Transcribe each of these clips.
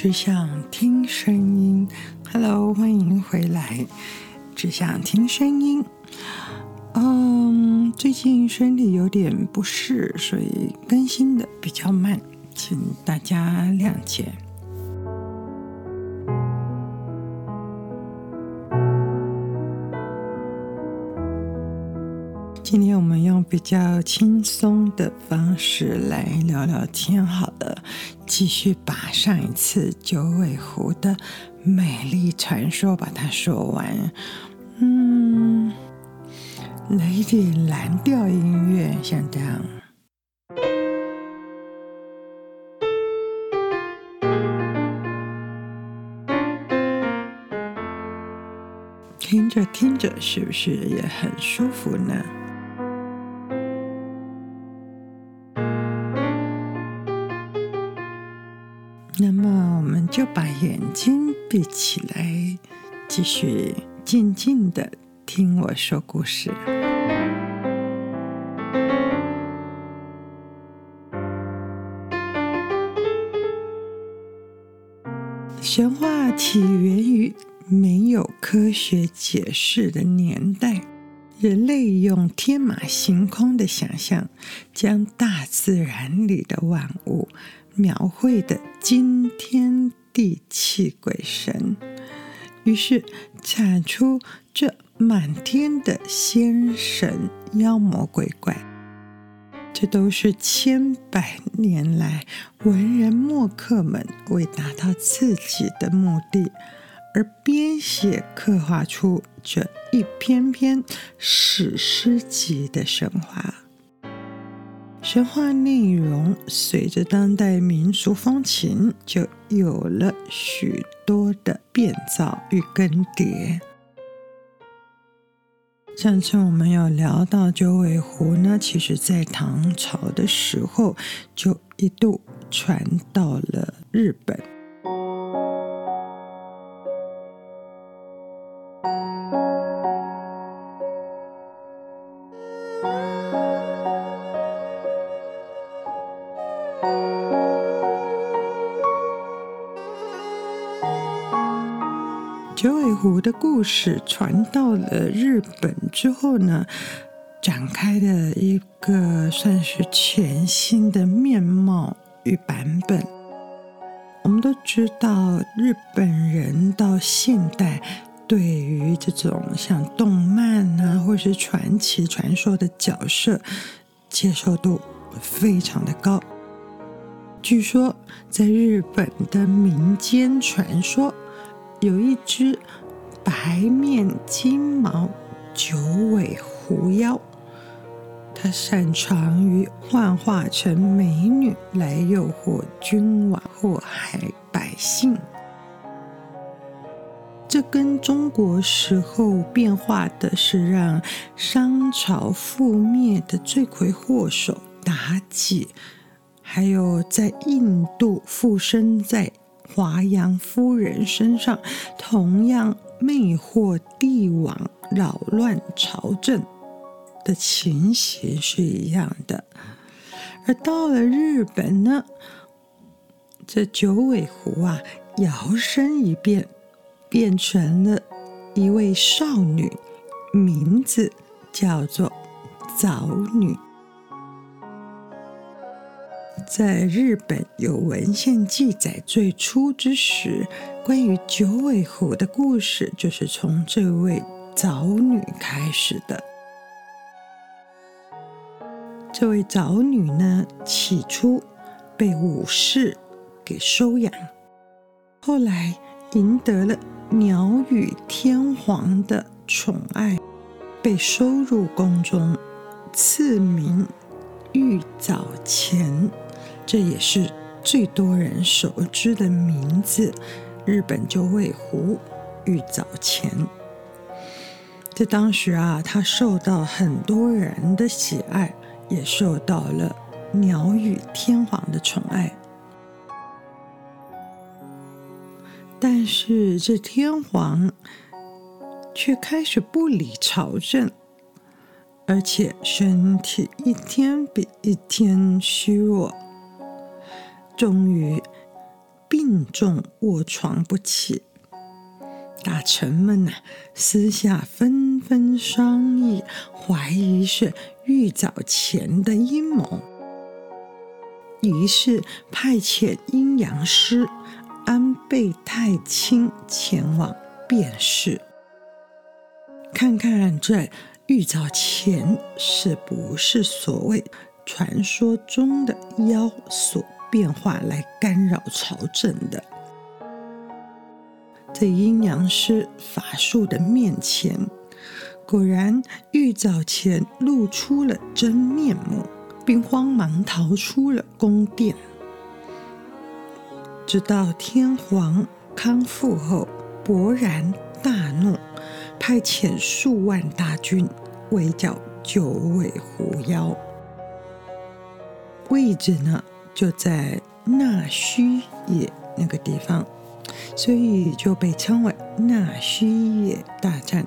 只想聽聲音，Hello，歡迎回來。只想聽聲音，嗯，最近身體有點不適，所以更新的比較慢，請大家諒解。今天我們用比較輕鬆的方式來聊聊天，好的，繼續把上一次九尾狐的美麗傳說把它說完。嗯，來一點藍調音樂，像這樣。聽着聽着，是不是也很舒服呢？那麼，我們就把眼睛閉起來，繼續靜靜的聽我說故事。神話起源於沒有科學解釋的年代，人類用天馬行空的想象，將大自然裡的萬物，描繪的驚天地泣鬼神，於是產出這滿天的仙神妖魔鬼怪，這都是千百年來文人墨客們為達到自己的目的而編寫刻畫出這一篇篇史詩級的神話。神話內容隨着當代民俗風情，就有了許多的變造與更迭。上次我們有聊到九尾狐呢，其實在唐朝的時候，就一度傳到了日本。狐的故事傳到了日本之後呢，展開的一個算是全新的面貌與版本。我們都知道，日本人到現代對於這種像動漫啊，或是傳奇傳說的角色接受度非常的高。據說，在日本的民間傳說有一隻。白面金毛九尾狐妖，他擅長於幻化成美女來誘惑君王，禍害百姓。這跟中國時候變化的是讓商朝覆滅的罪魁禍首妲己，還有在印度附身在華陽夫人身上，同樣。魅惑帝王、擾亂朝政的情形是一樣的，而到了日本呢，這九尾狐啊，搖身一變，變成了一位少女，名字叫做藻女。在日本有文獻記載，最初之時。關於九尾狐的故事，就是從這位藻女開始的。這位藻女呢，起初被武士給收養，後來贏得了鳥羽天皇的寵愛，被收入宮中，賜名玉藻前，這也是最多人熟知的名字。日本九尾狐玉藻前，在當時啊，他受到很多人的喜愛，也受到了鳥羽天皇的寵愛。但是這天皇卻開始不理朝政，而且身體一天比一天虛弱，終於。病重，重臥床不起，大臣們吶、啊、私下紛紛商議，懷疑是玉藻前的陰謀，於是派遣陰陽師安倍太清前往辨識，看看這玉藻前是不是所謂傳說中的妖所。變化來干擾朝政的，在陰陽師法術的面前，果然玉藻前露出了真面目，並慌忙逃出了宮殿。直到天皇康復後，勃然大怒，派遣數萬大軍圍剿九尾狐妖。位置呢？就在那須野那個地方，所以就被稱為那須野大戰。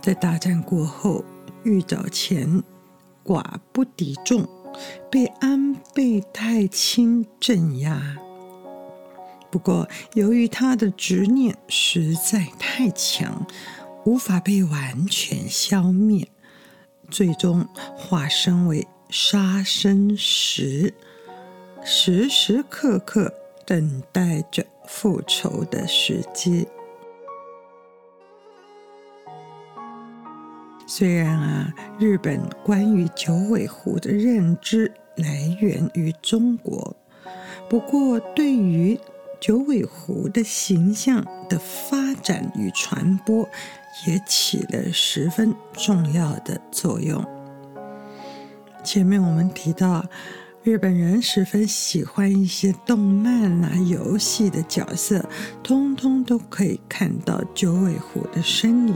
在大戰過後，玉藻前寡不敵眾，被安倍太清鎮壓。不過，由於他的執念實在太強，無法被完全消滅，最終化身為殺生石。時時刻刻等待着復仇的時機。雖然啊，日本關於九尾狐的認知來源於中國，不過對於九尾狐的形象的發展與傳播也起了十分重要的作用。前面我們提到，日本人十分喜歡一些動漫啊、遊戲的角色，通通都可以看到九尾狐的身影。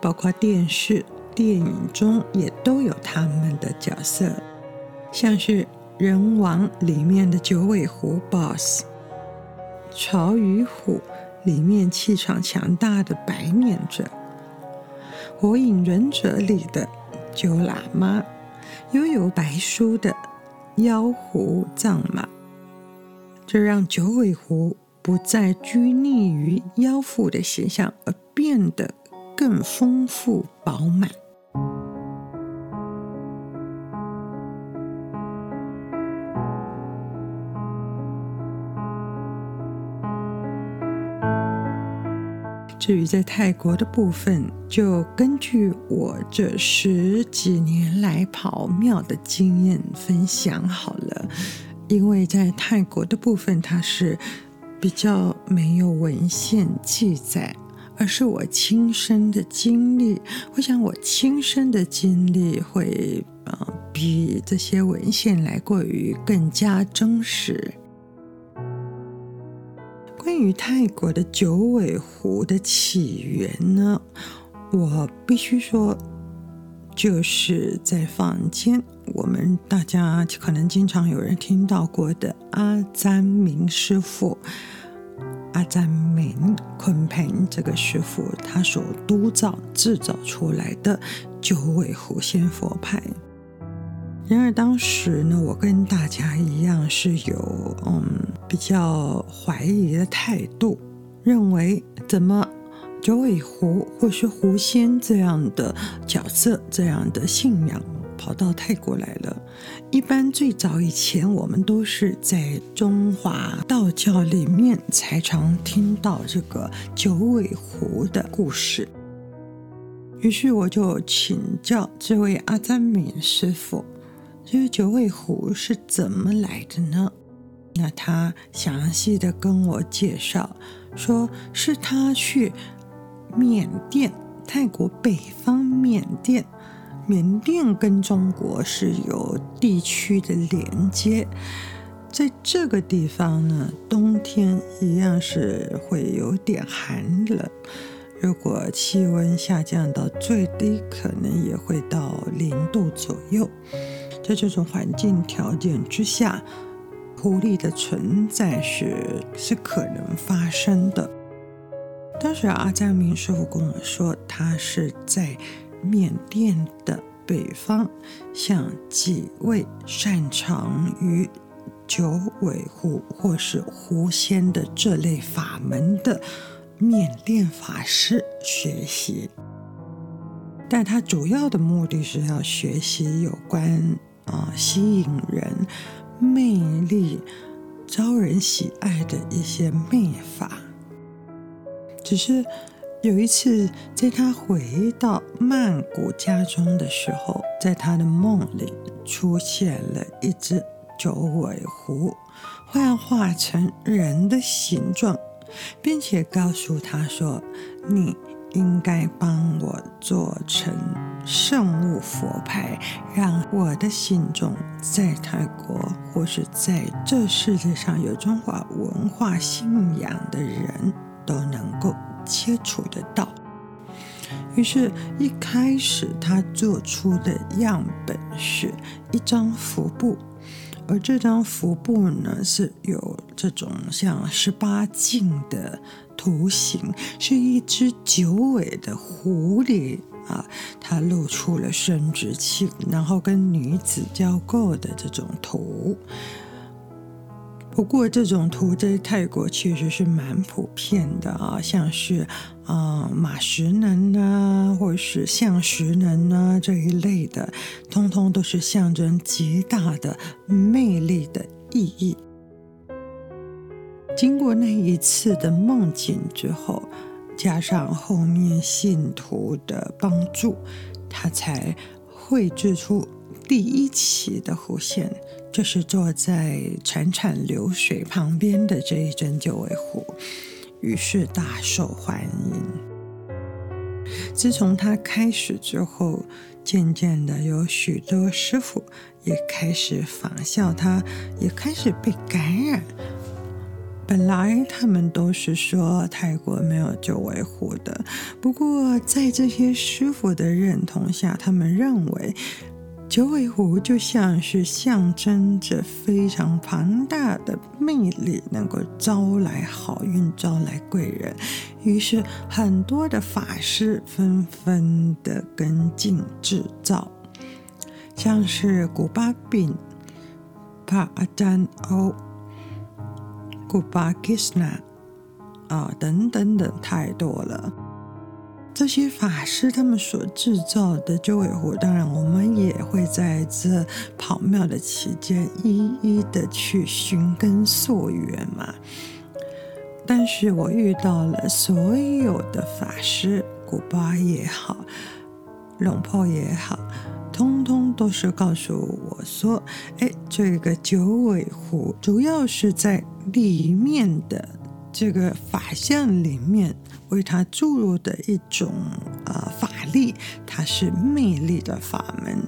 包括電視、電影中也都有他們的角色，像是《人王》裡面的九尾狐 BOSS，《潮與虎》裡面氣場強大的白面者，《火影忍者》裡的九喇嘛，幽遊白書的妖狐藏馬，這讓九尾狐不再拘泥於妖婦的形象，而變得更豐富飽滿。至於在泰國的部分，就根據我這十幾年來跑廟的經驗分享好了。因為在泰國的部分，它是比較沒有文獻記載，而是我親身的經歷。我想我親身的經歷會，呃，比這些文獻來過於更加真實。關於泰國的九尾狐的起源呢，我必須說，就是在坊間，我們大家可能經常有人聽到過的阿贊明師傅，阿贊明昆平這個師傅，他所督造制造出來的九尾狐仙佛牌。然而當時呢，我跟大家一樣是有嗯比較懷疑的態度，認為怎麼九尾狐或是狐仙這樣的角色，這樣的信仰跑到泰國來了？一般最早以前我們都是在中華道教裡面才常聽到這個九尾狐的故事。於是我就請教這位阿贊敏師父。這個九尾狐是怎麼來的呢？那他詳細的跟我介紹，說是他去緬甸、泰國北方、緬甸。緬甸跟中國是有地區的連接，在這個地方呢，冬天一樣是會有點寒冷，如果氣溫下降到最低，可能也會到零度左右。在這種環境條件之下，狐狸的存在是是可能發生的。當時阿贊明師父跟我說，他是在緬甸的北方向幾位擅長於九尾狐或是狐仙的這類法門的緬甸法師學習，但他主要的目的是要學習有關。啊，吸引人、魅力、招人喜愛的一些秘法。只是有一次，在他回到曼谷家中的時候，在他的夢裡出現了一隻九尾狐，幻化成人的形狀，並且告訴他說：“你應該幫我做成。”聖物佛牌，讓我的信眾，在泰國或是在這世界上有中華文化信仰的人都能夠接觸得到。於是一開始，他做出的樣本是一張符布，而這張符布呢，是有這種像十八禁的圖形，是一只九尾的狐狸。啊，他露出了生殖器，然後跟女子交媾的這種圖。不過，這種圖在泰國確實是蠻普遍的啊，像是啊、呃、馬士能啊，或是象石能啊這一類的，通通都是象徵極大的魅力的意義。經過那一次的夢境之後。加上後面信徒的幫助，他才繪製出第一期的狐仙。這、就是坐在潺潺流水旁邊的這一幀九尾狐，於是大受歡迎。自從他開始之後，漸漸的有許多師傅也開始仿效他，也開始被感染。本來他們都是說泰國沒有九尾狐的，不過在這些師傅的認同下，他們認為九尾狐就像是象徵着非常龐大的魅力，能夠招來好運、招來貴人。於是很多的法師紛紛的跟進制造，像是古巴餅、帕阿占歐。古巴、基斯納啊、哦，等等等，太多了。這些法師他們所製造的九尾狐，當然我們也會在這跑廟的期間一一的去尋根溯源嘛。但是我遇到了所有的法師，古巴也好，龍婆也好，通通都是告訴我說：“哎，這個九尾狐主要是在……”裡面的這個法相裡面為它注入的一種、呃、法力，它是魅力的法門，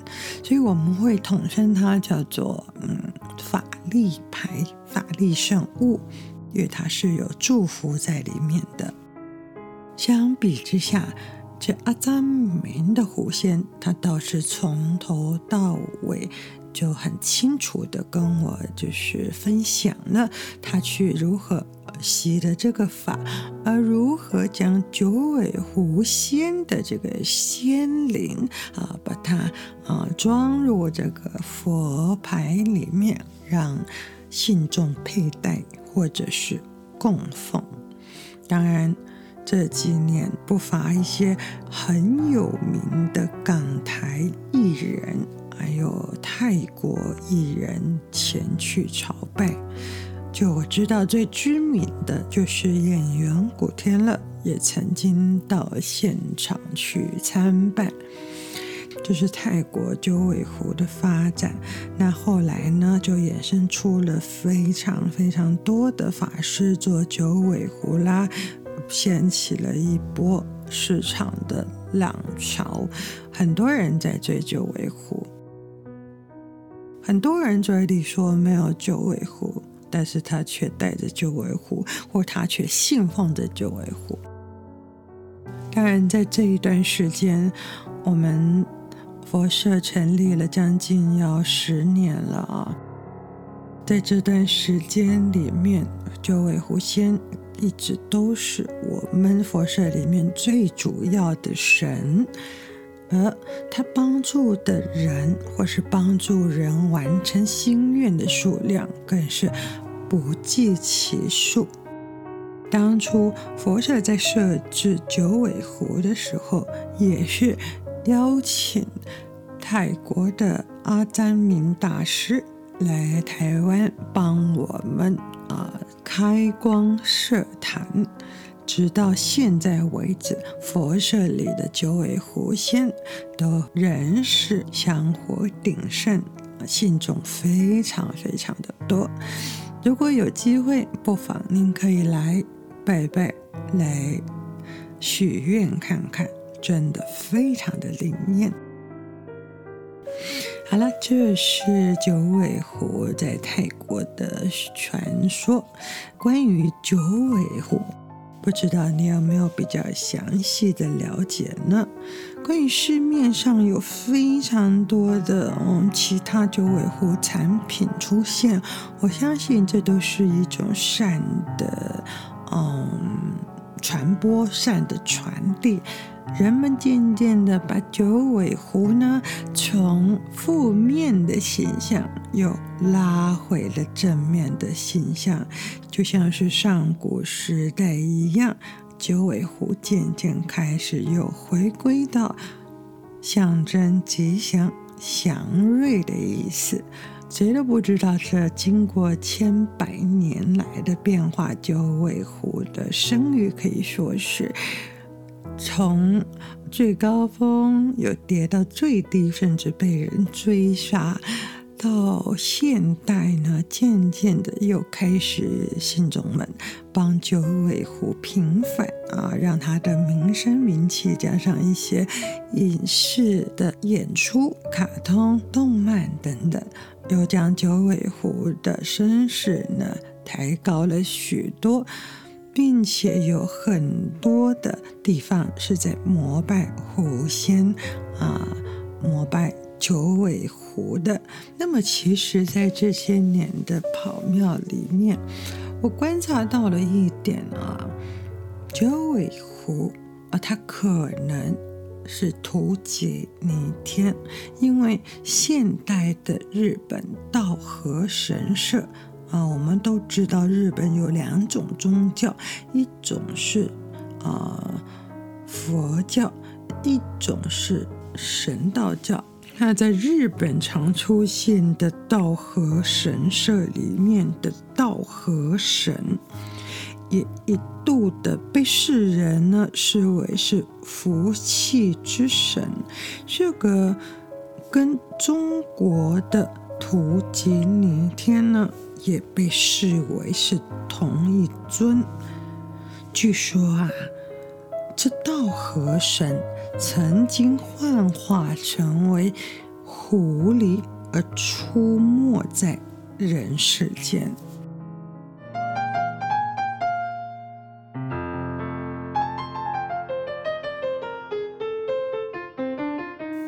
所以我們會統稱它叫做嗯法力牌、法力聖物，因為它是有祝福在裡面的。相比之下，這阿贊明的狐仙，它倒是從頭到尾。就很清楚的跟我就是分享了他去如何習得這個法，而如何將九尾狐仙的這個仙靈啊，把它啊裝入這個佛牌裡面，讓信眾佩戴或者是供奉。當然這幾年不乏一些很有名的港台藝人。還有泰國藝人前去朝拜，就我知道最知名的就是演員古天樂，也曾經到現場去參拜。就是泰國九尾狐的發展，那後來呢，就衍生出了非常非常多的法師做九尾狐啦，掀起了一波市場的浪潮，很多人在追九尾狐。很多人嘴裡說沒有九尾狐，但是他卻帶着九尾狐，或他卻信奉着九尾狐。當然，在這一段時間，我們佛舍成立了將近要十年了啊，在這段時間裡面，九尾狐仙一直都是我們佛舍裡面最主要的神。而他幫助的人，或是幫助人完成心願的數量，更是不計其數。當初佛舍在設置九尾狐的時候，也是邀請泰國的阿贊明大師來台灣幫我們啊開光設壇。直到現在為止，佛舍裡的九尾狐仙都仍是香火鼎盛，信眾非常非常的多。如果有機會，不妨您可以來拜拜，來許願看看，真的非常的靈驗。好了，這是九尾狐在泰國的傳說，關於九尾狐。不知道你有沒有比較詳細的了解呢？關於市面上有非常多的嗯其他九尾狐產品出現，我相信這都是一種善的嗯傳播，善的傳遞。人們漸漸的把九尾狐呢，從負面的形象又拉回了正面的形象，就像是上古時代一樣，九尾狐漸漸開始又回歸到象徵吉祥祥瑞的意思。誰都不知道，這經過千百年來的變化，九尾狐的聲譽可以說是。從最高峰又跌到最低，甚至被人追殺，到現代呢，漸漸的又開始信眾們幫九尾狐平反啊，讓他的名聲名氣加上一些影視的演出、卡通、動漫等等，又將九尾狐的聲勢呢抬高了許多。並且有很多的地方是在膜拜狐仙，啊，膜拜九尾狐的。那麼，其實，在這些年的跑廟裡面，我觀察到了一點啊，九尾狐，啊，它可能是荼吉尼天，因為現代的日本道和神社。啊，我們都知道日本有兩種宗教，一種是啊佛教，一種是神道教。那在日本常出現的稻荷神社裡面的稻荷神，也一度的被世人呢視為是福氣之神。這個跟中國的荼吉尼天呢？也被視為是同一尊。據說啊，這道河神曾經幻化成為狐狸而出沒在人世間。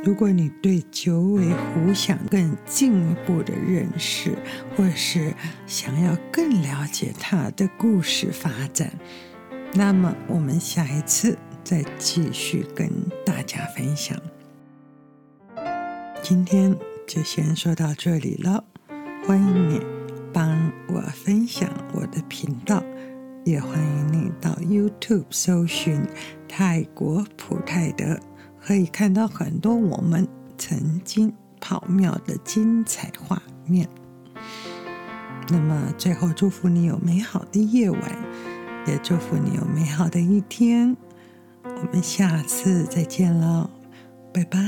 如果你對九尾狐想更進一步的認識，或是想要更了解它的故事發展，那麼我們下一次再繼續跟大家分享。今天就先說到這裡了，歡迎你幫我分享我的頻道，也歡迎你到 YouTube 搜尋泰國普泰德。可以看到很多我們曾經跑廟的精彩畫面。那麼，最後祝福你有美好的夜晚，也祝福你有美好的一天。我們下次再見了，拜拜。